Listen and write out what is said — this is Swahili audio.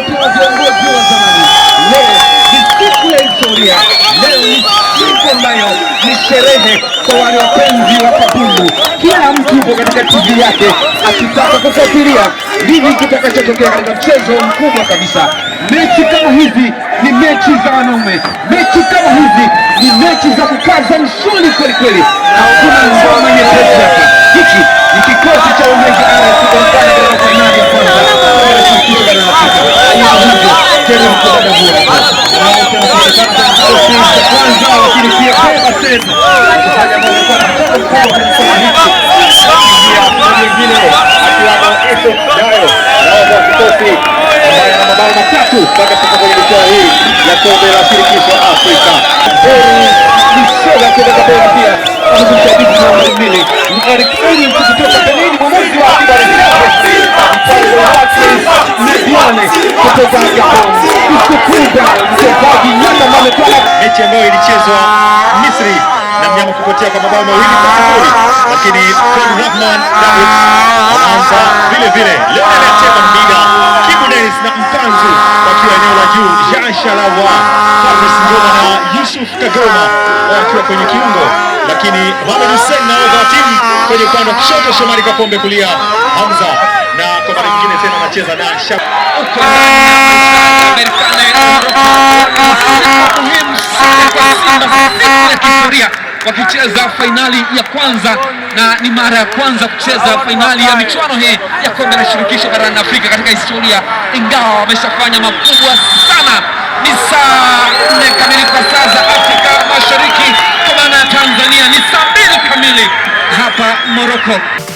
akiwa viongozi wa zamani. Leo ni siku ya historia, leo ni siku ambayo ni sherehe kwa wale wapenzi wa kabumbu. Kila mtu yuko katika TV yake akitaka kufuatilia nini kitakachotokea katika mchezo mkubwa kabisa. Mechi kama hizi ni mechi za wanaume, mechi kama hizi ni mechi za kukaza msuli kwelikweli, hakuna ngoma nyepesi hapa. hiki ameweza kufanya mambo makubwa kwenye soka hili ingia mwingine akiwamo Epho Dayo naoza kikosi ambaye ana mabao matatu mpaka sasa kwenye michuano hii ya kombe la shirikisho Afrika. Beni Misoga kutoka Beni pia amemshabiki namba mbili Eric Williams kutoka Benin, mwamuzi wa Akiba Mfalme wa Haki na Diane kutoka Gabon mechi ambayo ilichezwa Misri na mnyama kupotea kwa mabao mawili kwa sifuri, lakini Rahman anaanza vile vile Mbiga Kibunes na Mpanzu wakiwa eneo la juu, Jashalawa Ngoma na Yusuf Kagoma wakiwa kwenye kiungo, lakini Mohamed Hussein na timu kwenye upande wa kushoto, Shomari Kapombe kulia, Hamza na kwa mara nyingine tena anacheza na wakicheza fainali ya kwanza na ni mara ya kwanza kucheza fainali ya michuano hii ya kombe la shirikisho barani Afrika katika historia, ingawa wameshafanya makubwa sana. Ni saa nne kamili kwa saa za Afrika Mashariki, kwa maana ya Tanzania ni saa mbili kamili hapa Morocco.